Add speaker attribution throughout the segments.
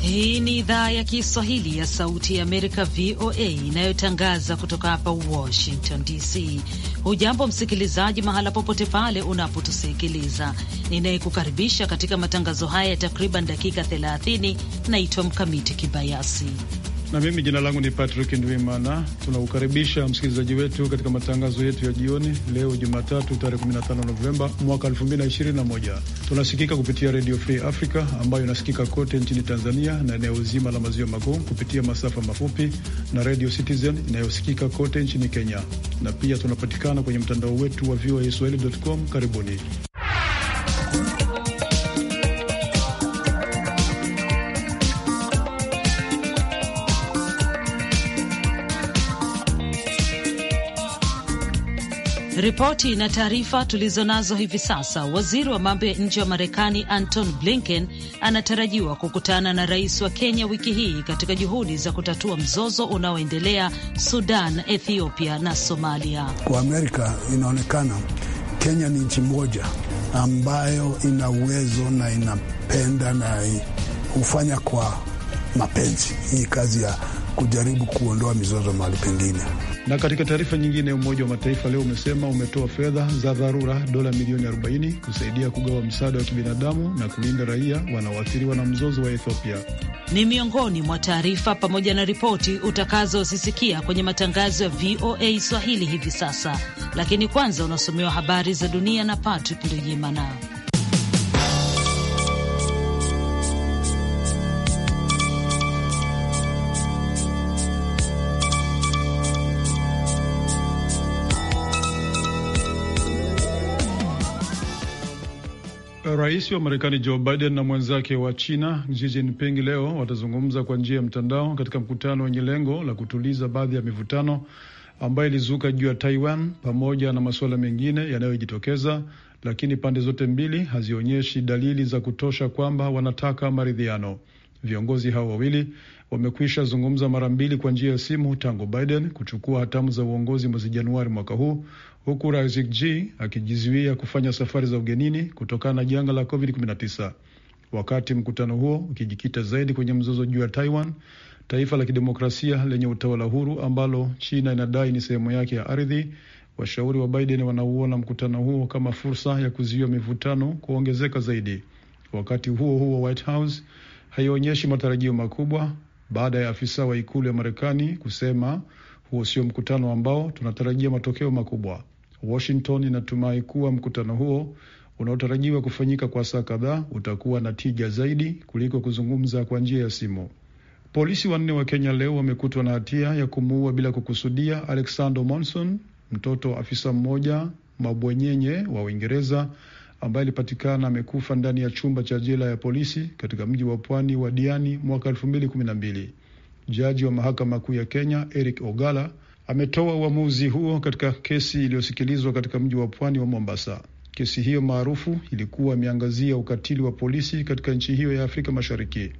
Speaker 1: Hii ni idhaa ya Kiswahili ya Sauti ya Amerika, VOA, inayotangaza kutoka hapa Washington DC. Hujambo msikilizaji, mahala popote pale unapotusikiliza, ninayekukaribisha katika matangazo haya ya takriban dakika 30 naitwa Mkamiti Kibayasi
Speaker 2: na mimi jina langu ni Patrick Ndwimana. Tunakukaribisha msikilizaji wetu katika matangazo yetu ya jioni leo Jumatatu tarehe 15 Novemba mwaka 2021. Tunasikika kupitia Radio Free Africa ambayo inasikika kote nchini Tanzania na eneo zima la maziwa makuu kupitia masafa mafupi na Radio Citizen inayosikika kote nchini Kenya, na pia tunapatikana kwenye mtandao wetu wa voaswahili.com. Karibuni.
Speaker 1: Ripoti na taarifa tulizonazo hivi sasa, waziri wa mambo ya nje wa Marekani Anton Blinken anatarajiwa kukutana na rais wa Kenya wiki hii katika juhudi za kutatua mzozo unaoendelea Sudan, Ethiopia na Somalia.
Speaker 3: Kwa Amerika inaonekana Kenya ni nchi moja ambayo ina uwezo na inapenda na hufanya kwa mapenzi hii kazi ya kujaribu kuondoa mizozo mahali pengine.
Speaker 2: Na katika taarifa nyingine, Umoja wa Mataifa leo umesema umetoa fedha za dharura dola milioni 40 kusaidia kugawa msaada wa kibinadamu na kulinda raia wanaoathiriwa na mzozo wa Ethiopia.
Speaker 1: Ni miongoni mwa taarifa pamoja na ripoti utakazosisikia kwenye matangazo ya VOA Swahili hivi sasa, lakini kwanza unasomewa habari za dunia na Patrick Ndujimana.
Speaker 2: Rais wa Marekani Joe Biden na mwenzake wa China Xi Jinping leo watazungumza kwa njia ya mtandao katika mkutano wenye lengo la kutuliza baadhi ya mivutano ambayo ilizuka juu ya Taiwan pamoja na masuala mengine yanayojitokeza, lakini pande zote mbili hazionyeshi dalili za kutosha kwamba wanataka maridhiano. Viongozi hao wawili wamekwisha zungumza mara mbili kwa njia ya simu tangu Biden kuchukua hatamu za uongozi mwezi Januari mwaka huu, huku Razig akijizuia kufanya safari za ugenini kutokana na janga la COVID-19. Wakati mkutano huo ukijikita zaidi kwenye mzozo juu ya Taiwan, taifa la kidemokrasia lenye utawala huru ambalo China inadai ni sehemu yake ya ardhi, washauri wa Biden wanauona mkutano huo kama fursa ya kuzuia mivutano kuongezeka zaidi. Wakati huo huo, White House haionyeshi matarajio makubwa baada ya afisa wa ikulu ya Marekani kusema huo sio mkutano ambao tunatarajia matokeo makubwa. Washington inatumai kuwa mkutano huo unaotarajiwa kufanyika kwa saa kadhaa utakuwa na tija zaidi kuliko kuzungumza kwa njia ya simu. Polisi wanne wa Kenya leo wamekutwa na hatia ya kumuua bila kukusudia Alexander Monson, mtoto wa afisa mmoja mabwenyenye wa Uingereza ambaye alipatikana amekufa ndani ya chumba cha jela ya polisi katika mji wa pwani wa Diani mwaka elfu mbili kumi na mbili. Jaji wa mahakama kuu ya Kenya Eric Ogala ametoa uamuzi huo katika kesi iliyosikilizwa katika mji wa pwani wa Mombasa. Kesi hiyo maarufu ilikuwa imeangazia ukatili wa polisi katika nchi hiyo ya Afrika Mashariki.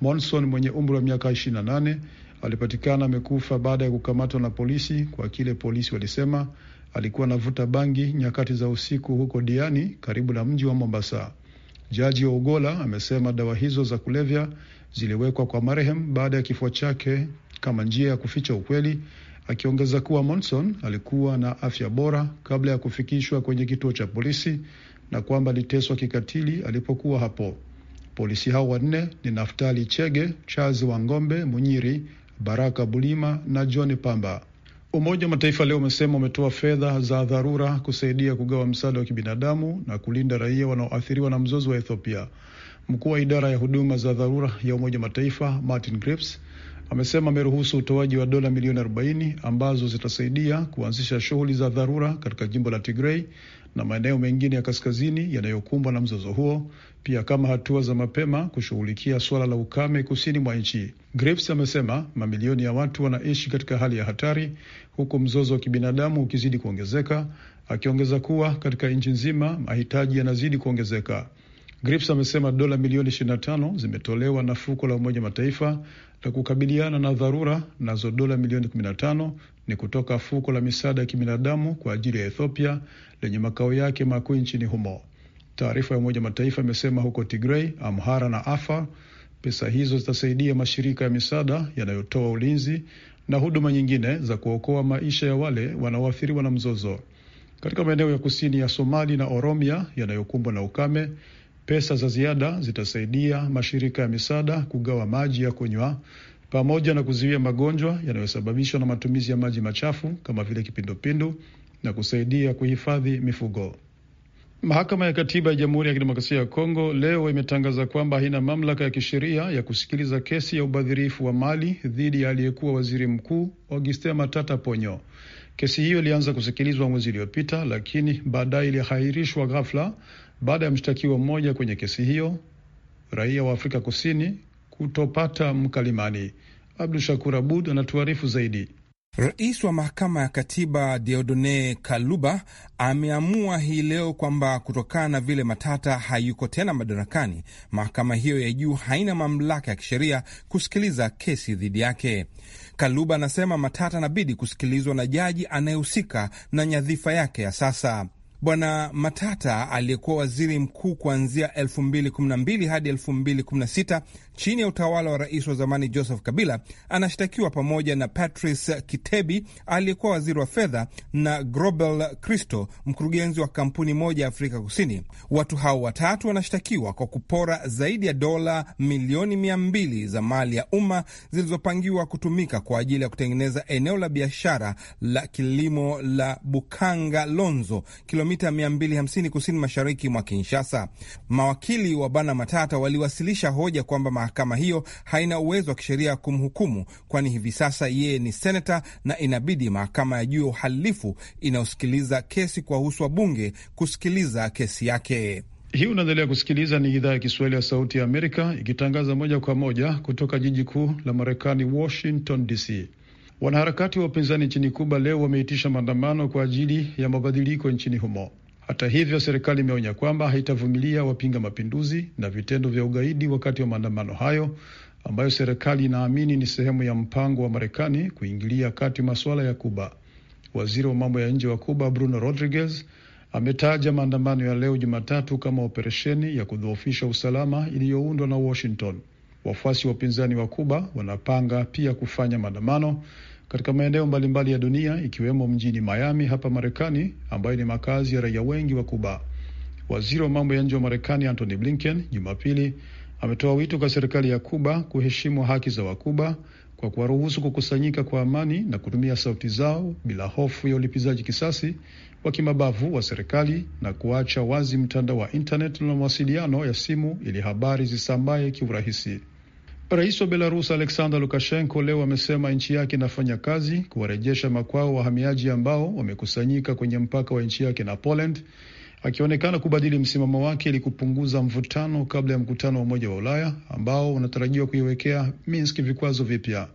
Speaker 2: Monson mwenye umri wa miaka 28 alipatikana amekufa baada ya kukamatwa na polisi kwa kile polisi walisema alikuwa anavuta bangi nyakati za usiku huko Diani, karibu na mji wa Mombasa. Jaji Ogola amesema dawa hizo za kulevya ziliwekwa kwa marehemu baada ya kifo chake kama njia ya kuficha ukweli, akiongeza kuwa Monson alikuwa na afya bora kabla ya kufikishwa kwenye kituo cha polisi na kwamba aliteswa kikatili alipokuwa hapo. Polisi hao wanne ni Naftali Chege, Charles Wangombe Munyiri, Baraka Bulima na John Pamba. Umoja wa Mataifa leo umesema umetoa fedha za dharura kusaidia kugawa msaada wa kibinadamu na kulinda raia wanaoathiriwa na mzozo wa Ethiopia. Mkuu wa idara ya huduma za dharura ya Umoja wa Mataifa Martin Grips amesema ameruhusu utoaji wa dola milioni 40 ambazo zitasaidia kuanzisha shughuli za dharura katika jimbo la tigrei na maeneo mengine ya kaskazini yanayokumbwa na mzozo huo, pia kama hatua za mapema kushughulikia suala la ukame kusini mwa nchi. Grips amesema mamilioni ya watu wanaishi katika hali ya hatari huku mzozo wa kibinadamu ukizidi kuongezeka, akiongeza kuwa katika nchi nzima mahitaji yanazidi kuongezeka. Grips amesema dola milioni 25 zimetolewa na fuko la Umoja Mataifa la kukabiliana na dharura, nazo dola milioni 15 ni kutoka fuko la misaada ya kibinadamu kwa ajili ya Ethiopia lenye makao yake makuu nchini humo. Taarifa ya Umoja Mataifa imesema huko Tigrei, Amhara na Afar, pesa hizo zitasaidia mashirika ya misaada yanayotoa ulinzi na huduma nyingine za kuokoa maisha ya wale wanaoathiriwa na mzozo katika maeneo ya kusini ya Somali na Oromia yanayokumbwa na ukame. Pesa za ziada zitasaidia mashirika ya misaada kugawa maji ya kunywa pamoja na kuzuia magonjwa yanayosababishwa na matumizi ya maji machafu kama vile kipindupindu na kusaidia kuhifadhi mifugo. Mahakama ya Katiba ya Jamhuri ya Kidemokrasia ya Kongo leo imetangaza kwamba haina mamlaka ya kisheria ya kusikiliza kesi ya ubadhirifu wa mali dhidi ya aliyekuwa waziri mkuu Augustin Matata Ponyo. Kesi hiyo ilianza kusikilizwa mwezi uliopita, lakini baadaye ilihairishwa ghafla baada ya mshtakiwa mmoja kwenye kesi hiyo, raia wa Afrika Kusini,
Speaker 4: kutopata mkalimani. Abdu Shakur Abud anatuarifu zaidi. Rais wa mahakama ya katiba Deodone Kaluba ameamua hii leo kwamba kutokana na vile Matata hayuko tena madarakani, mahakama hiyo ya juu haina mamlaka ya kisheria kusikiliza kesi dhidi yake. Kaluba anasema Matata anabidi kusikilizwa na jaji anayehusika na nyadhifa yake ya sasa. Bwana Matata aliyekuwa waziri mkuu kuanzia 2012 hadi 2016 chini ya utawala wa rais wa zamani Joseph Kabila anashtakiwa pamoja na Patrice Kitebi aliyekuwa waziri wa fedha na Grobel cristo mkurugenzi wa kampuni moja ya Afrika Kusini. Watu hao watatu wanashtakiwa kwa kupora zaidi ya dola milioni 200 za mali ya umma zilizopangiwa kutumika kwa ajili ya kutengeneza eneo la biashara la kilimo la Bukanga Lonzo kilomita 250 kusini mashariki mwa Kinshasa. Mawakili wa bana Matata waliwasilisha hoja kwamba mahakama hiyo haina uwezo wa kisheria kumhukumu, kwani hivi sasa yeye ni seneta na inabidi mahakama ya juu ya uhalifu inayosikiliza kesi kuwahusu wabunge kusikiliza kesi yake. Hii unaendelea kusikiliza,
Speaker 2: ni idhaa ya Kiswahili ya Sauti ya Amerika ikitangaza moja kwa moja kutoka jiji kuu la Marekani, Washington DC. Wanaharakati wa upinzani nchini Kuba leo wameitisha maandamano kwa ajili ya mabadiliko nchini humo. Hata hivyo, serikali imeonya kwamba haitavumilia wapinga mapinduzi na vitendo vya ugaidi wakati wa maandamano hayo ambayo serikali inaamini ni sehemu ya mpango wa Marekani kuingilia kati masuala ya Kuba. Waziri wa mambo ya nje wa Kuba Bruno Rodriguez ametaja maandamano ya leo Jumatatu kama operesheni ya kudhoofisha usalama iliyoundwa na Washington. Wafuasi wa upinzani wa Kuba wanapanga pia kufanya maandamano katika maeneo mbalimbali ya dunia ikiwemo mjini Miami hapa Marekani, ambayo ni makazi ya raia wengi wa Kuba. Waziri wa mambo ya nje wa Marekani Antony Blinken Jumapili ametoa wito kwa serikali ya Kuba kuheshimu haki za Wakuba kwa kuwaruhusu kukusanyika kwa amani na kutumia sauti zao bila hofu ya ulipizaji kisasi wa kimabavu wa serikali na kuacha wazi mtandao wa intanet na mawasiliano ya simu ili habari zisambaye kiurahisi. Rais wa Belarus Alexander Lukashenko leo amesema nchi yake inafanya kazi kuwarejesha makwao wahamiaji ambao wamekusanyika kwenye mpaka wa nchi yake na Poland, akionekana kubadili msimamo wake ili kupunguza mvutano kabla ya mkutano wa Umoja wa Ulaya ambao unatarajiwa kuiwekea Minsk vikwazo vipya.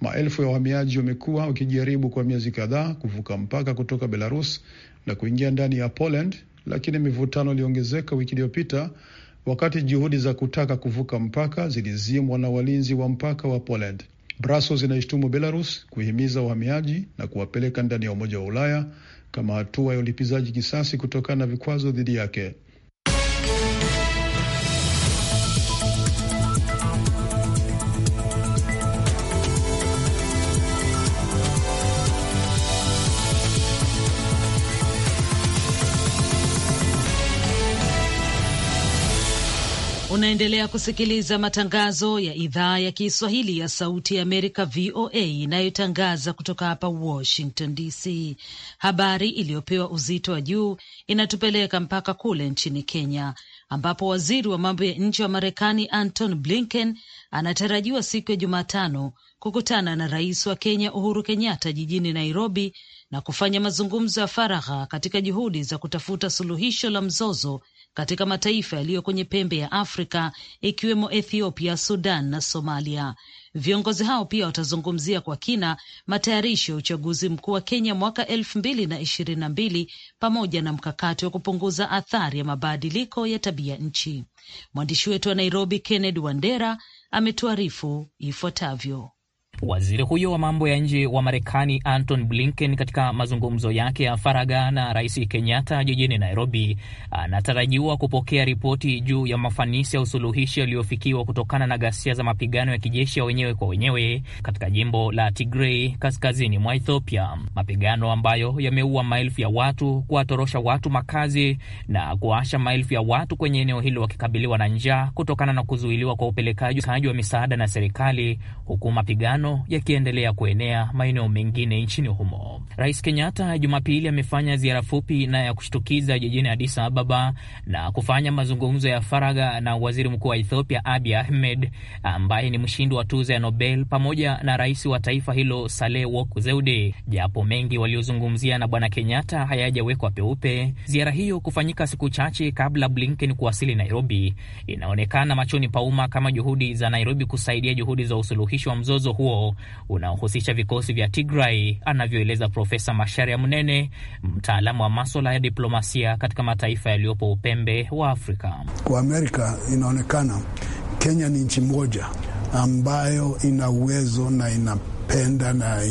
Speaker 2: Maelfu ya wahamiaji wamekuwa wakijaribu kwa miezi kadhaa kuvuka mpaka kutoka Belarus na kuingia ndani ya Poland, lakini mivutano iliongezeka wiki iliyopita wakati juhudi za kutaka kuvuka mpaka zilizimwa na walinzi wa mpaka wa Poland. Brussels inaishtumu Belarus kuhimiza wahamiaji na kuwapeleka ndani ya Umoja wa Ulaya kama hatua ya ulipizaji kisasi kutokana na vikwazo dhidi yake.
Speaker 1: Unaendelea kusikiliza matangazo ya idhaa ya Kiswahili ya Sauti ya Amerika, VOA, inayotangaza kutoka hapa Washington DC. Habari iliyopewa uzito wa juu inatupeleka mpaka kule nchini Kenya, ambapo waziri wa mambo ya nje wa Marekani Anton Blinken anatarajiwa siku ya Jumatano kukutana na rais wa Kenya Uhuru Kenyatta jijini Nairobi na kufanya mazungumzo ya faragha katika juhudi za kutafuta suluhisho la mzozo katika mataifa yaliyo kwenye pembe ya Afrika ikiwemo Ethiopia, Sudan na Somalia. Viongozi hao pia watazungumzia kwa kina matayarisho ya uchaguzi mkuu wa Kenya mwaka elfu mbili na ishirini na mbili pamoja na mkakati wa kupunguza athari ya mabadiliko ya tabia nchi. Mwandishi wetu wa Nairobi, Kennedy Wandera, ametuarifu ifuatavyo.
Speaker 5: Waziri huyo wa mambo ya nje wa Marekani Anton Blinken, katika mazungumzo yake ya faraga na Rais Kenyatta jijini Nairobi, anatarajiwa kupokea ripoti juu ya mafanisi ya usuluhishi yaliyofikiwa kutokana na ghasia za mapigano ya kijeshi ya wenyewe kwa wenyewe katika jimbo la Tigrei kaskazini mwa Ethiopia, mapigano ambayo yameua maelfu ya watu, kuwatorosha watu makazi na kuwaasha maelfu ya watu kwenye eneo hilo wakikabiliwa na njaa kutokana na kuzuiliwa kwa upelekaji wa misaada na serikali, huku mapigano maandamano yakiendelea kuenea maeneo mengine nchini humo. Rais Kenyatta Jumapili amefanya ziara fupi na ya kushtukiza jijini Addis Ababa na kufanya mazungumzo ya faragha na waziri mkuu wa Ethiopia Abiy Ahmed ambaye ni mshindi wa tuzo ya Nobel pamoja na rais wa taifa hilo Saleh Work zeude Japo mengi waliozungumzia na bwana Kenyatta hayajawekwa peupe, ziara hiyo kufanyika siku chache kabla Blinken kuwasili Nairobi inaonekana machoni pa umma kama juhudi za Nairobi kusaidia juhudi za usuluhishi wa mzozo huo unaohusisha vikosi vya Tigray, anavyoeleza Profesa Masharia Munene, mtaalamu wa maswala ya diplomasia katika mataifa yaliyopo upembe wa Afrika.
Speaker 3: Kwa Amerika inaonekana Kenya ni nchi moja ambayo ina uwezo na inapenda na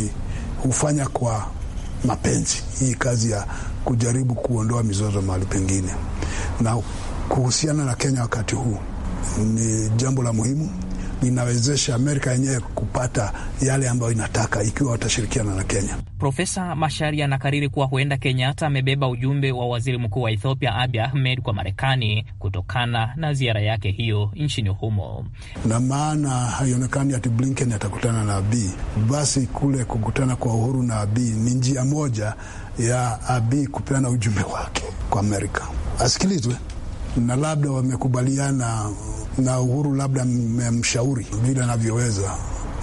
Speaker 3: hufanya kwa mapenzi hii kazi ya kujaribu kuondoa mizozo mahali pengine, na kuhusiana na Kenya wakati huu ni jambo la muhimu inawezesha Amerika yenyewe kupata yale ambayo inataka ikiwa watashirikiana na Kenya.
Speaker 5: Profesa Mashari anakariri kuwa huenda Kenyatta amebeba ujumbe wa waziri mkuu wa Ethiopia Abiy Ahmed kwa Marekani kutokana na ziara yake hiyo nchini humo,
Speaker 3: na maana haionekani ati Blinken atakutana na Abiy. Basi kule kukutana kwa Uhuru na Abiy ni njia moja ya Abiy kupeana ujumbe wake kwa Amerika asikilizwe, na labda wamekubaliana na Uhuru labda mmemshauri vile anavyoweza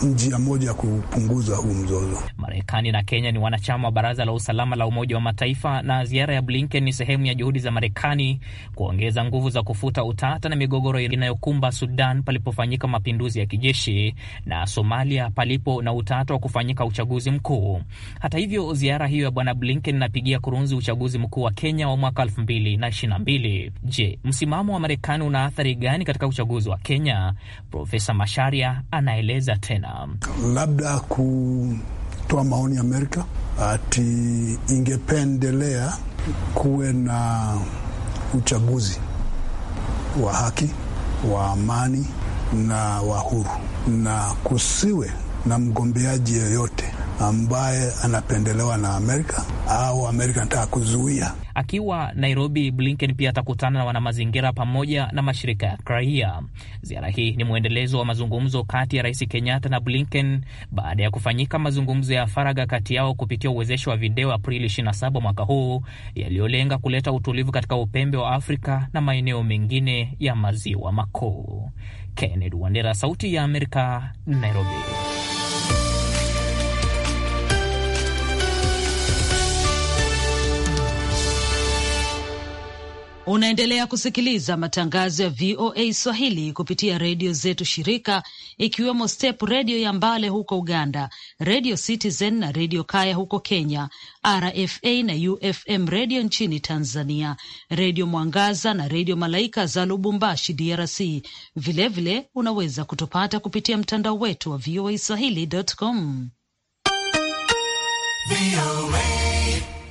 Speaker 3: njia moja ya kupunguza huu mzozo.
Speaker 5: Marekani na Kenya ni wanachama wa Baraza la Usalama la Umoja wa Mataifa, na ziara ya Blinken ni sehemu ya juhudi za Marekani kuongeza nguvu za kufuta utata na migogoro inayokumba Sudan palipofanyika mapinduzi ya kijeshi na Somalia palipo na utata wa kufanyika uchaguzi mkuu. Hata hivyo, ziara hiyo ya Bwana Blinken inapigia kurunzi uchaguzi mkuu wa Kenya wa mwaka elfu mbili na Je, msimamo wa Marekani una athari gani katika uchaguzi wa Kenya? Profesa Masharia anaeleza tena. China,
Speaker 3: labda kutoa maoni Amerika ati ingependelea kuwe na uchaguzi wa haki wa amani na wa huru na kusiwe na mgombeaji yoyote ambaye anapendelewa na Amerika au Amerika anataka kuzuia.
Speaker 5: Akiwa Nairobi, Blinken pia atakutana na wanamazingira pamoja na mashirika ya kiraia. Ziara hii ni mwendelezo wa mazungumzo kati ya Rais Kenyatta na Blinken baada ya kufanyika mazungumzo ya faraga kati yao kupitia uwezesho wa video Aprili 27 mwaka huu, yaliyolenga kuleta utulivu katika upembe wa Afrika na maeneo mengine ya maziwa makuu. Kennedy Wandera, Sauti ya Amerika, Nairobi.
Speaker 1: Unaendelea kusikiliza matangazo ya VOA Swahili kupitia redio zetu shirika, ikiwemo Step redio ya Mbale huko Uganda, redio Citizen na redio Kaya huko Kenya, RFA na UFM redio nchini Tanzania, redio Mwangaza na redio Malaika za Lubumbashi, DRC. Vilevile vile, unaweza kutupata kupitia mtandao wetu wa VOA Swahili.com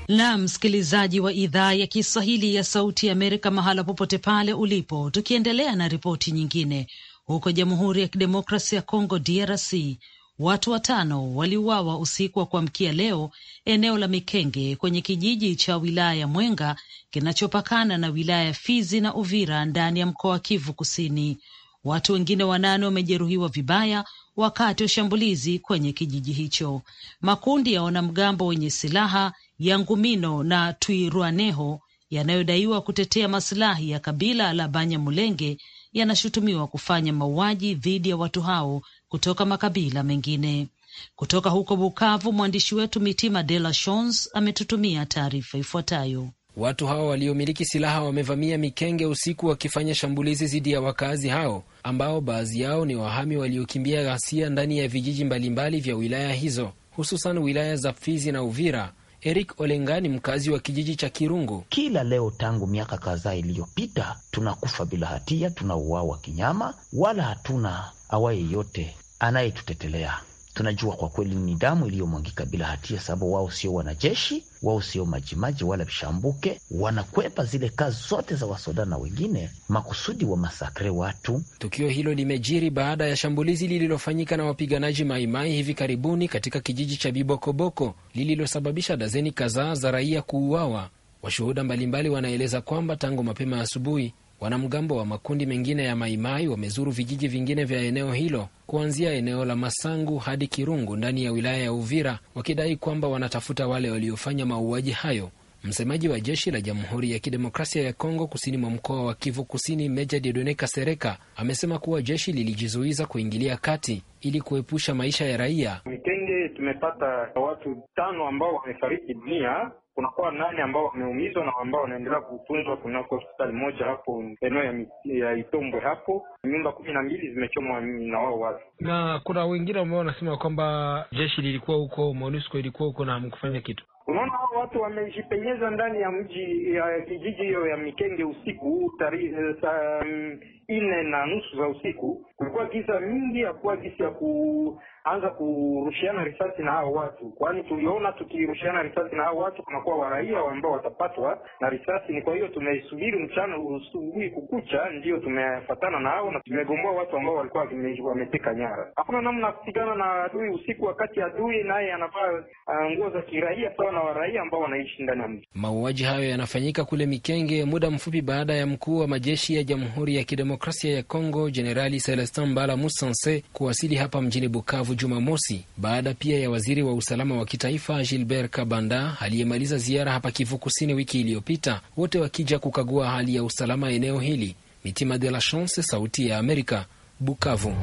Speaker 1: na msikilizaji wa idhaa ya Kiswahili ya Sauti ya Amerika mahala popote pale ulipo, tukiendelea na ripoti nyingine. Huko Jamhuri ya Kidemokrasi ya Kongo, DRC, watu watano waliuawa usiku wa kuamkia leo eneo la Mikenge kwenye kijiji cha wilaya ya Mwenga kinachopakana na wilaya ya Fizi na Uvira ndani ya mkoa wa Kivu Kusini. Watu wengine wanane wamejeruhiwa vibaya wakati wa shambulizi kwenye kijiji hicho. Makundi ya wanamgambo wenye silaha Yangumino na Twirwaneho yanayodaiwa kutetea masilahi ya kabila la Banyamulenge yanashutumiwa kufanya mauaji dhidi ya watu hao kutoka makabila mengine. Kutoka huko Bukavu, mwandishi wetu Mitima De La Shons ametutumia taarifa ifuatayo. Watu hao waliomiliki silaha wamevamia mikenge
Speaker 6: usiku wakifanya shambulizi dhidi ya wakazi hao ambao baadhi yao ni wahami waliokimbia ghasia ndani ya vijiji mbalimbali vya wilaya hizo, hususan wilaya za Fizi na Uvira Eric Olenga ni mkazi wa kijiji cha Kirungu. Kila leo tangu miaka kadhaa iliyopita
Speaker 7: tunakufa bila hatia, tunauawa kinyama, wala hatuna awa yeyote anayetutetelea tunajua kwa kweli ni damu iliyomwangika bila hatia, sababu wao sio wanajeshi, wao sio majimaji wala vishambuke, wanakwepa zile kazi zote za wasodana na wengine makusudi wa masakre watu.
Speaker 6: Tukio hilo limejiri baada ya shambulizi lililofanyika na wapiganaji Maimai hivi karibuni katika kijiji cha Bibokoboko lililosababisha dazeni kadhaa za raia kuuawa. Washuhuda mbalimbali wanaeleza kwamba tangu mapema asubuhi Wanamgambo wa makundi mengine ya Maimai wamezuru vijiji vingine vya eneo hilo kuanzia eneo la Masangu hadi Kirungu ndani ya wilaya ya Uvira wakidai kwamba wanatafuta wale waliofanya mauaji hayo. Msemaji wa jeshi la Jamhuri ya Kidemokrasia ya Kongo kusini mwa mkoa wa Kivu Kusini, Meja Dedone Kasereka amesema kuwa jeshi lilijizuiza kuingilia kati ili kuepusha maisha ya raia.
Speaker 8: Mitenge tumepata watu tano ambao wamefariki dunia kunakuwa nane ambao wameumizwa na ambao wanaendelea kutunzwa kunako hospitali moja hapo eneo ya, ya Itombwe. Hapo nyumba kumi na mbili zimechomwa na wao watu,
Speaker 6: na kuna wengine ambao wanasema kwamba jeshi lilikuwa huko, MONUSCO ilikuwa huko na hamkufanya kitu.
Speaker 8: Unaona hao watu wamejipenyeza ndani ya mji ya kijiji hiyo ya Mikenge usiku tarehe eh, mm, nne na nusu za usiku, kulikuwa giza mingi, hakuwa gisi ya kuanza kurushiana risasi na hao watu, kwani tuliona tukirushiana risasi na hao watu kunakuwa waraia ambao watapatwa na risasi. Ni kwa hiyo tumesubiri mchana usubuhi kukucha, ndiyo tumefatana na hao na tumegomboa watu
Speaker 4: ambao walikuwa wameteka nyara.
Speaker 8: Hakuna namna kupigana na adui usiku, wakati adui naye anavaa uh, nguo za kiraia sawa na waraia ambao wanaishi ndani ya mji.
Speaker 6: Mauaji hayo yanafanyika kule Mikenge muda mfupi baada ya mkuu wa majeshi ya Jamhuri ya Kidemokrasia Kidemokrasia ya Kongo Jenerali Celestin Mbala Musanse kuwasili hapa mjini Bukavu Jumamosi, baada pia ya waziri wa usalama wa kitaifa Gilbert Kabanda aliyemaliza ziara hapa Kivu Kusini wiki iliyopita, wote wakija kukagua hali ya usalama eneo hili. Mitima de la Chance, Sauti ya Amerika, Bukavu.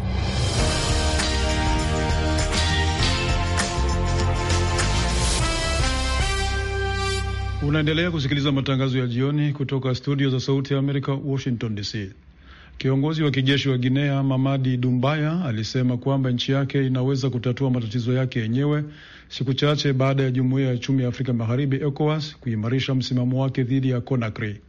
Speaker 2: Unaendelea kusikiliza matangazo ya jioni kutoka studio za Sauti ya Amerika, Washington DC. Kiongozi wa kijeshi wa Guinea Mamadi Dumbaya alisema kwamba nchi yake inaweza kutatua matatizo yake yenyewe siku chache baada ya jumuiya ya uchumi ya Afrika Magharibi ECOWAS kuimarisha msimamo wake dhidi ya Conakry.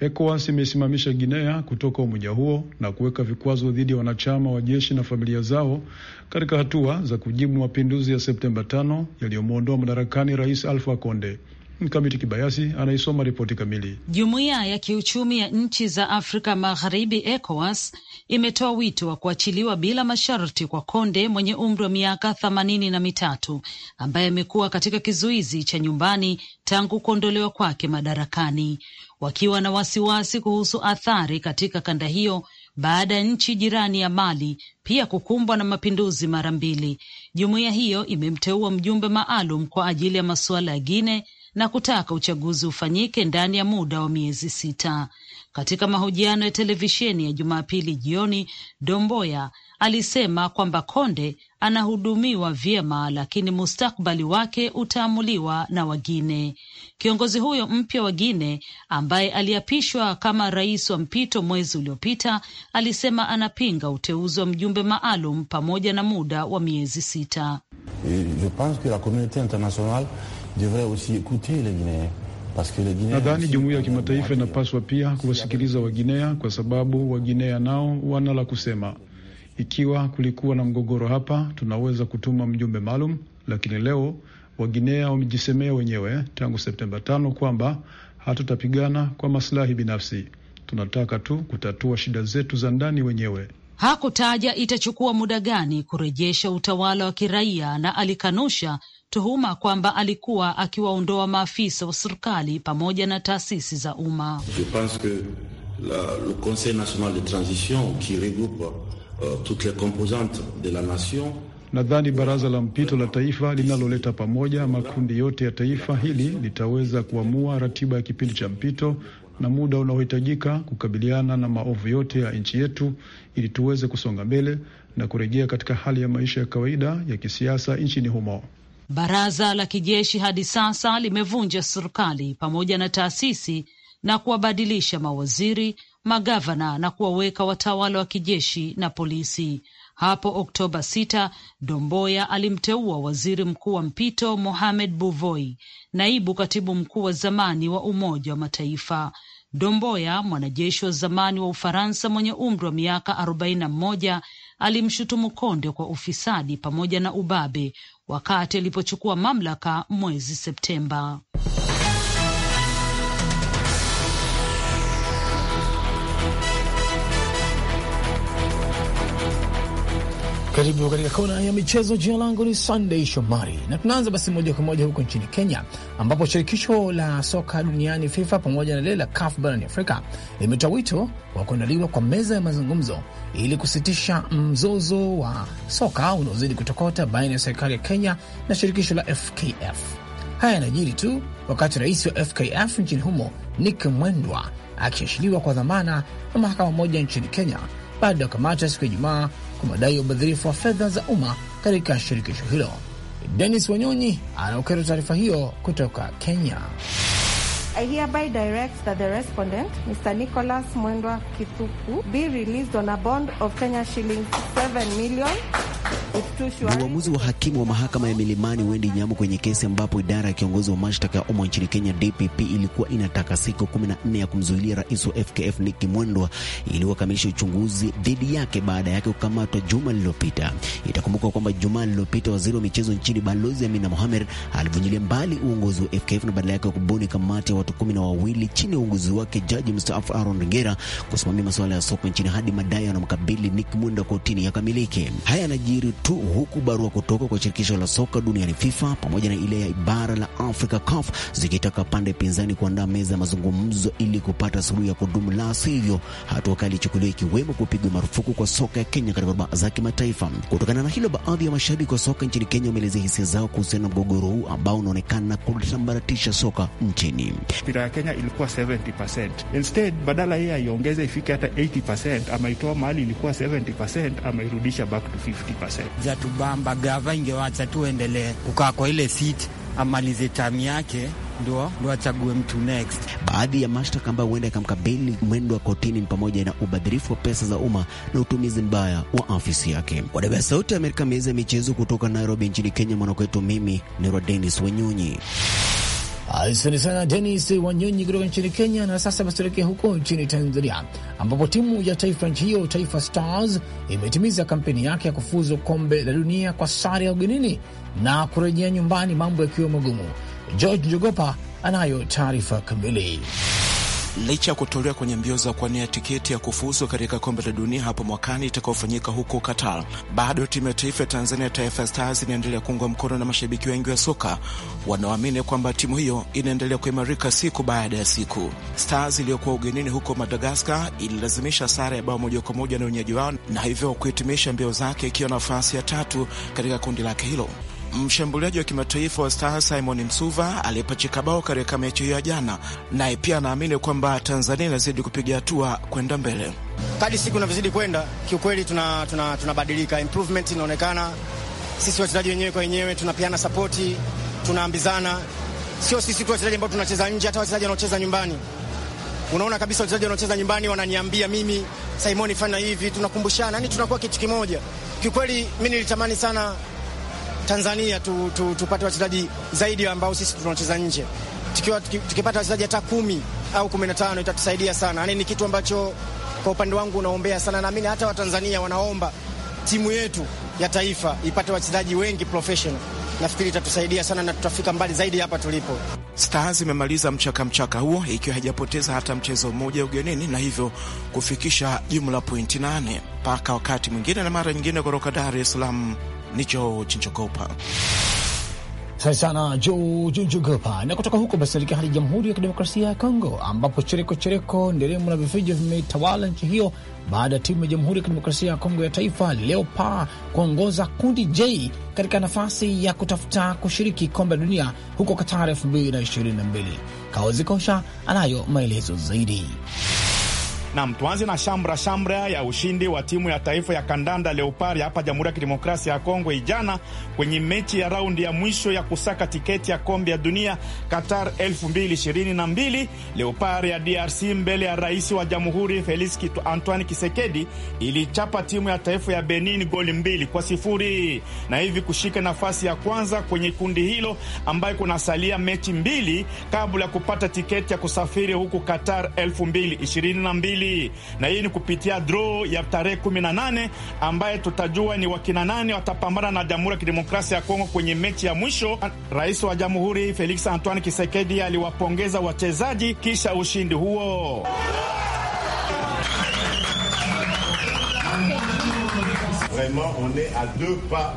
Speaker 2: ECOWAS imesimamisha Guinea kutoka umoja huo na kuweka vikwazo dhidi ya wanachama wa jeshi na familia zao katika hatua za kujibu mapinduzi ya Septemba 5 yaliyomwondoa madarakani Rais Alpha Konde. Mkamiti Kibayasi anaisoma ripoti kamili.
Speaker 1: Jumuiya ya kiuchumi ya nchi za Afrika Magharibi, ECOWAS, imetoa wito wa kuachiliwa bila masharti kwa Konde mwenye umri wa miaka themanini na mitatu ambaye amekuwa katika kizuizi cha nyumbani tangu kuondolewa kwake madarakani, wakiwa na wasiwasi kuhusu athari katika kanda hiyo baada ya nchi jirani ya Mali pia kukumbwa na mapinduzi mara mbili. Jumuiya hiyo imemteua mjumbe maalum kwa ajili ya masuala ya Guine na kutaka uchaguzi ufanyike ndani ya muda wa miezi sita. Katika mahojiano ya televisheni ya Jumapili jioni, Domboya alisema kwamba Konde anahudumiwa vyema, lakini mustakbali wake utaamuliwa na wagine. Kiongozi huyo mpya wa Gine ambaye aliapishwa kama rais wa mpito mwezi uliopita alisema anapinga uteuzi wa mjumbe maalum pamoja na muda wa miezi sita.
Speaker 3: Je pense que la communauté internationale
Speaker 2: Nadhani jumuiya ya kimataifa inapaswa pia kuwasikiliza Waginea kwa sababu Waginea nao wana la kusema. Ikiwa kulikuwa na mgogoro hapa, tunaweza kutuma mjumbe maalum, lakini leo Waginea wamejisemea wenyewe tangu Septemba tano kwamba hatutapigana kwa maslahi binafsi, tunataka tu kutatua shida zetu za ndani wenyewe.
Speaker 1: Hakutaja itachukua muda gani kurejesha utawala wa kiraia na alikanusha tuhuma kwamba alikuwa akiwaondoa maafisa wa serikali pamoja na taasisi za umma.
Speaker 2: Nadhani baraza la mpito la taifa linaloleta pamoja makundi yote ya taifa hili litaweza kuamua ratiba ya kipindi cha mpito na muda unaohitajika kukabiliana na maovu yote ya nchi yetu ili tuweze kusonga mbele na kurejea katika hali ya maisha ya kawaida ya kisiasa nchini humo.
Speaker 1: Baraza la kijeshi hadi sasa limevunja serikali pamoja na taasisi na kuwabadilisha mawaziri, magavana na kuwaweka watawala wa kijeshi na polisi. Hapo Oktoba 6 Domboya alimteua waziri mkuu wa mpito Mohamed Buvoi, naibu katibu mkuu wa zamani wa Umoja wa Mataifa Domboya, mwanajeshi wa zamani wa Ufaransa mwenye umri wa miaka arobaini na mmoja, alimshutumu Konde kwa ufisadi pamoja na ubabe wakati alipochukua mamlaka mwezi Septemba.
Speaker 9: Karibu katika kona ya michezo. Jina langu ni Sunday Shomari na tunaanza basi moja kwa moja huko nchini Kenya, ambapo shirikisho la soka duniani FIFA pamoja na lile la CAF barani Afrika limetoa wito wa kuandaliwa kwa meza ya mazungumzo ili kusitisha mzozo wa soka unaozidi kutokota baina ya serikali ya Kenya na shirikisho la FKF. Haya yanajiri tu wakati rais wa FKF nchini humo Nick Mwendwa akiashiliwa kwa dhamana na mahakama moja nchini Kenya baada ya kamata siku ya Ijumaa kwa madai ya ubadhirifu wa fedha za umma katika shirikisho hilo. Denis Wanyonyi anaokerwa taarifa hiyo kutoka Kenya.
Speaker 10: I hereby direct that the respondent, Mr. Nicholas Mwendwa be released on a bond of Kenya 7 million
Speaker 1: ni Uamuzi
Speaker 7: wa hakimu wa mahakama ya Milimani Wendi Nyamu kwenye kesi ambapo idara ya kiongozi wa mashtaka ya umma nchini Kenya DPP ilikuwa inataka siku 14 ya kumzuilia rais wa FKF Nick Mwendwa ili wakamilisha uchunguzi dhidi yake baada yake kukamatwa juma lililopita. Itakumbukwa kwamba juma lililopita waziri wa michezo nchini Balozi Amina Mohamed alivunjilia mbali uongozi wa FKF na badala yake kubuni kamati ya watu kumi na wawili chini ya uongozi wake jaji mstaafu Aaron Ngera kusimamia masuala ya soka nchini hadi madai yanamkabili Nick Mwendwa kotini yakamilike. Haya yanajiri tu, huku barua kutoka kwa shirikisho la soka duniani FIFA pamoja na ile ya bara la Africa CAF zikitaka pande pinzani kuandaa meza ya mazungumzo ili kupata suluhu ya kudumu, la sivyo hatua kali ichukuliwa ikiwemo kupigwa marufuku kwa soka ya Kenya katika baa za kimataifa. Kutokana na hilo, baadhi ya mashabiki wa soka nchini Kenya wameelezea hisia zao kuhusiana na mgogoro huu ambao unaonekana kusambaratisha soka nchini.
Speaker 8: Mpira ya Kenya ilikuwa 70%. Instead, badala yeye aiongeze ifike hata 80%, ama itoa mahali ilikuwa 70%, ama irudisha back to 50% za
Speaker 6: tubamba, gava ingewacha tuendelee kukaa kwa ile sit amalize tamu yake ndio achague mtu next.
Speaker 7: Baadhi ya mashtaka ambayo huenda yakamkabili mwendo wa kotini ni pamoja na ubadhirifu wa pesa za umma na utumizi mbaya wa afisi yake. Kwa niaba ya Sauti ya Amerika, meza ya michezo kutoka Nairobi nchini Kenya, mwanakwetu mimi ni Rodenis Wenyonyi.
Speaker 9: Asante sana Denis Wanyonyi kutoka nchini Kenya. Na sasa basi huko nchini Tanzania, ambapo timu ya taifa nchi hiyo Taifa Stars imetimiza kampeni yake ya kufuzu kombe la dunia kwa sare ya ugenini na kurejea nyumbani, mambo yakiwa magumu. George Njogopa anayo taarifa kamili.
Speaker 7: Licha ya kutolewa kwenye mbio za kuwania tiketi ya kufuzu katika kombe la dunia hapo mwakani itakayofanyika huko Qatar, bado timu ya taifa ya Tanzania, Taifa Stars, inaendelea kuungwa mkono na mashabiki wengi wa soka wanaoamini kwamba timu hiyo inaendelea kuimarika siku baada ya siku. Stars iliyokuwa ugenini huko Madagaskar ililazimisha sare ya bao moja kwa moja na wenyeji wao na hivyo kuhitimisha mbio zake ikiwa nafasi ya tatu katika kundi lake hilo. Mshambuliaji wa kimataifa wa Star Simon Msuva aliyepachika bao katika mechi hiyo ya jana, naye pia anaamini kwamba Tanzania inazidi kupiga hatua kwenda mbele
Speaker 9: Kadi siku inavyozidi kwenda. Kiukweli tunabadilika, tuna, tuna improvement inaonekana. Sisi wachezaji wenyewe kwa wenyewe tunapeana sapoti, tunaambizana. Sio sisi tu wachezaji ambao tunacheza nje, hata wachezaji wanaocheza nyumbani unaona kabisa wachezaji wanaocheza nyumbani wananiambia mimi, Simoni, fanya hivi, tunakumbushana, yani tunakuwa kitu kimoja. Kiukweli mimi nilitamani sana Tanzania tu, tu, tupate wachezaji zaidi ambao sisi tunacheza nje. Tukiwa tukipata wachezaji hata kumi au kumi na tano itatusaidia sana. Yaani ni kitu ambacho kwa upande wangu naombea sana, naamini hata Watanzania wanaomba timu yetu ya taifa ipate wachezaji wengi professional. Nafikiri itatusaidia sana na tutafika mbali zaidi hapa tulipo.
Speaker 7: Stars imemaliza mchaka mchaka huo ikiwa haijapoteza hata mchezo mmoja ugenini na hivyo kufikisha jumla pointi nane. Mpaka wakati mwingine na mara nyingine, kutoka Dar es Salaam
Speaker 9: ni Joe Asante sana Joe Na kutoka huko basi naelekea hadi Jamhuri ya Kidemokrasia ya Kongo, ambapo chereko chereko, nderemo na vifijo vimetawala nchi hiyo baada ya timu ya Jamhuri ya Kidemokrasia ya Kongo ya Taifa Leopard kuongoza kundi J katika nafasi ya kutafuta kushiriki kombe la dunia huko Qatar 2022. Kaozi Kosha anayo maelezo zaidi.
Speaker 8: Nam, tuanze na shamra shamra ya ushindi wa timu ya taifa ya kandanda Leopard hapa Jamhuri ya Kidemokrasia ya Kongo ijana kwenye mechi ya raundi ya mwisho ya kusaka tiketi ya kombe ya dunia Qatar 2022 Leopard ya DRC mbele ya rais wa jamhuri Felix Antoine Kisekedi ilichapa timu ya taifa ya Benin goli mbili kwa sifuri na hivi kushika nafasi ya kwanza kwenye kundi hilo ambayo kunasalia mechi mbili kabla ya kupata tiketi ya kusafiri huku Qatar 2022 mbili, na hii ni kupitia draw ya tarehe 18 ambaye tutajua ni wakina nane watapambana na Jamhuri ya Kidemokrasia ya Kongo kwenye mechi ya mwisho. Rais wa Jamhuri Felix Antoine Tshisekedi aliwapongeza wachezaji kisha ushindi huo.
Speaker 6: Vraiment, on est a deux
Speaker 8: pas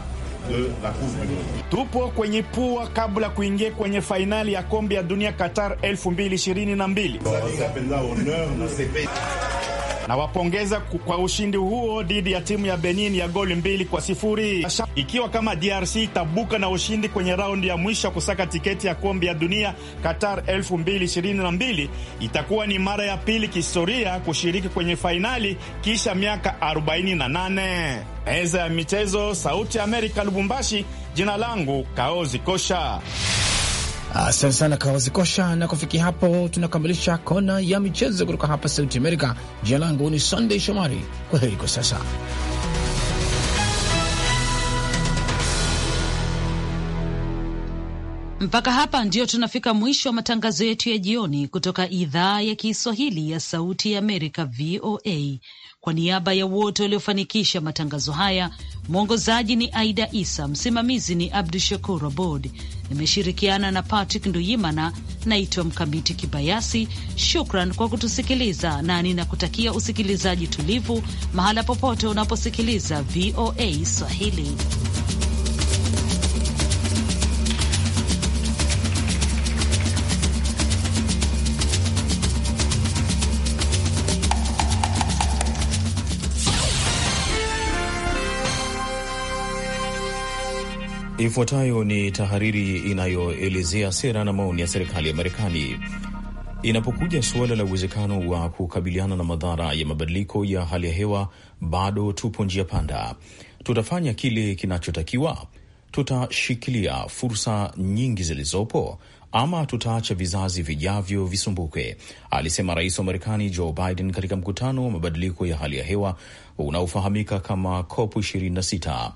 Speaker 8: de la Coupe du Monde. Tupo kwenye pua kabla kuingia kwenye fainali ya kombe ya dunia Qatar 2022. Nawapongeza kwa ushindi huo dhidi ya timu ya Benin ya goli mbili kwa sifuri. Ikiwa kama DRC itabuka na ushindi kwenye raundi ya mwisho kusaka tiketi ya kombe ya dunia Qatar 2022 itakuwa ni mara ya pili kihistoria kushiriki kwenye fainali kisha miaka 48. Meza ya michezo, Sauti ya Amerika, Lubumbashi. Jina langu Kaozi Kosha. Asante ah, sana
Speaker 9: Kawazikosha, na kufikia hapo tunakamilisha kona ya michezo kutoka hapa Sauti Amerika. Jina langu ni sandey Shomari, kwa heri kwa sasa.
Speaker 1: Mpaka hapa ndio tunafika mwisho wa matangazo yetu ya jioni kutoka idhaa ya Kiswahili ya Sauti ya Amerika, VOA. Kwa niaba ya wote waliofanikisha matangazo haya, mwongozaji ni Aida Isa, msimamizi ni Abdu Shakur Abod. Nimeshirikiana na Patrick Nduyimana. Naitwa Mkamiti Kibayasi. Shukran kwa kutusikiliza, na ninakutakia usikilizaji tulivu mahala popote unaposikiliza VOA Swahili.
Speaker 10: Ifuatayo ni tahariri inayoelezea sera na maoni ya serikali ya Marekani. Inapokuja suala la uwezekano wa kukabiliana na madhara ya mabadiliko ya hali ya hewa, bado tupo njia panda. Tutafanya kile kinachotakiwa? Tutashikilia fursa nyingi zilizopo ama tutaacha vizazi vijavyo visumbuke, alisema rais wa Marekani Joe Biden katika mkutano wa mabadiliko ya hali ya hewa unaofahamika kama COP 26.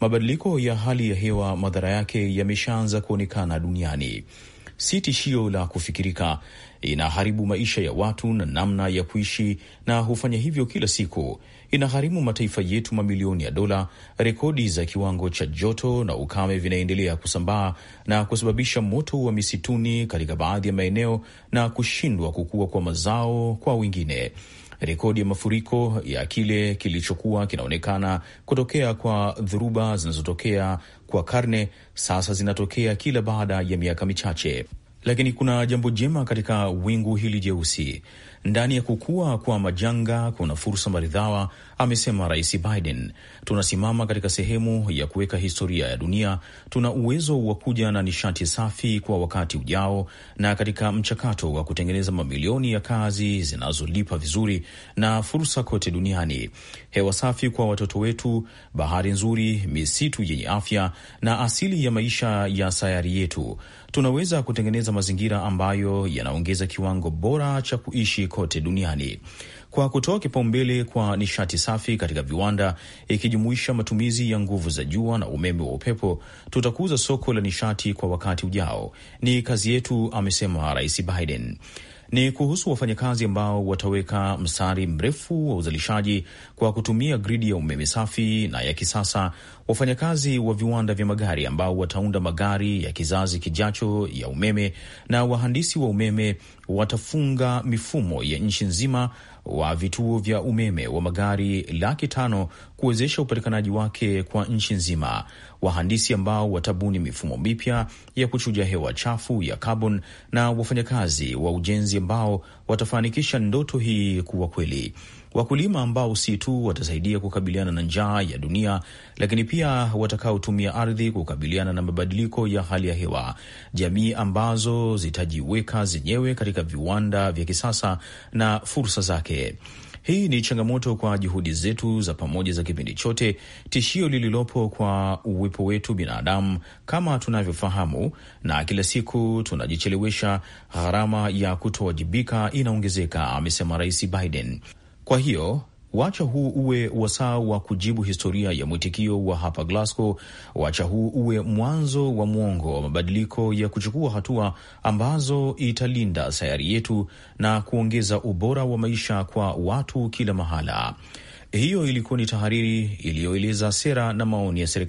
Speaker 10: Mabadiliko ya hali ya hewa madhara yake yameshaanza kuonekana duniani. Si tishio la kufikirika, inaharibu maisha ya watu na namna ya kuishi, na hufanya hivyo kila siku. Inagharimu mataifa yetu mamilioni ya dola. Rekodi za kiwango cha joto na ukame vinaendelea kusambaa na kusababisha moto wa misituni katika baadhi ya maeneo na kushindwa kukua kwa mazao kwa wengine rekodi ya mafuriko ya kile kilichokuwa kinaonekana kutokea kwa dhuruba zinazotokea kwa karne sasa zinatokea kila baada ya miaka michache. Lakini kuna jambo jema katika wingu hili jeusi. Ndani ya kukua kwa majanga kuna fursa maridhawa amesema Rais Biden, tunasimama katika sehemu ya kuweka historia ya dunia. Tuna uwezo wa kuja na nishati safi kwa wakati ujao, na katika mchakato wa kutengeneza mamilioni ya kazi zinazolipa vizuri na fursa kote duniani, hewa safi kwa watoto wetu, bahari nzuri, misitu yenye afya na asili ya maisha ya sayari yetu. Tunaweza kutengeneza mazingira ambayo yanaongeza kiwango bora cha kuishi kote duniani kwa kutoa kipaumbele kwa nishati safi katika viwanda ikijumuisha matumizi ya nguvu za jua na umeme wa upepo, tutakuza soko la nishati kwa wakati ujao. Ni kazi yetu, amesema Rais Biden ni kuhusu wafanyakazi ambao wataweka mstari mrefu wa uzalishaji kwa kutumia gridi ya umeme safi na ya kisasa, wafanyakazi wa viwanda vya magari ambao wataunda magari ya kizazi kijacho ya umeme, na wahandisi wa umeme watafunga mifumo ya nchi nzima wa vituo vya umeme wa magari laki tano kuwezesha upatikanaji wake kwa nchi nzima wahandisi ambao watabuni mifumo mipya ya kuchuja hewa chafu ya kaboni na wafanyakazi wa ujenzi ambao watafanikisha ndoto hii kuwa kweli. Wakulima ambao si tu watasaidia kukabiliana na njaa ya dunia, lakini pia watakaotumia ardhi kukabiliana na mabadiliko ya hali ya hewa, jamii ambazo zitajiweka zenyewe katika viwanda vya kisasa na fursa zake. Hii ni changamoto kwa juhudi zetu za pamoja za kipindi chote, tishio lililopo kwa uwepo wetu binadamu kama tunavyofahamu, na kila siku tunajichelewesha, gharama ya kutowajibika inaongezeka, amesema Rais Biden. Kwa hiyo Wacha huu uwe wasaa wa kujibu historia ya mwitikio wa hapa Glasgow. Wacha huu uwe mwanzo wa mwongo wa mabadiliko ya kuchukua hatua ambazo italinda sayari yetu na kuongeza ubora wa maisha kwa watu kila mahala. Hiyo ilikuwa ni tahariri iliyoeleza sera na maoni ya serikali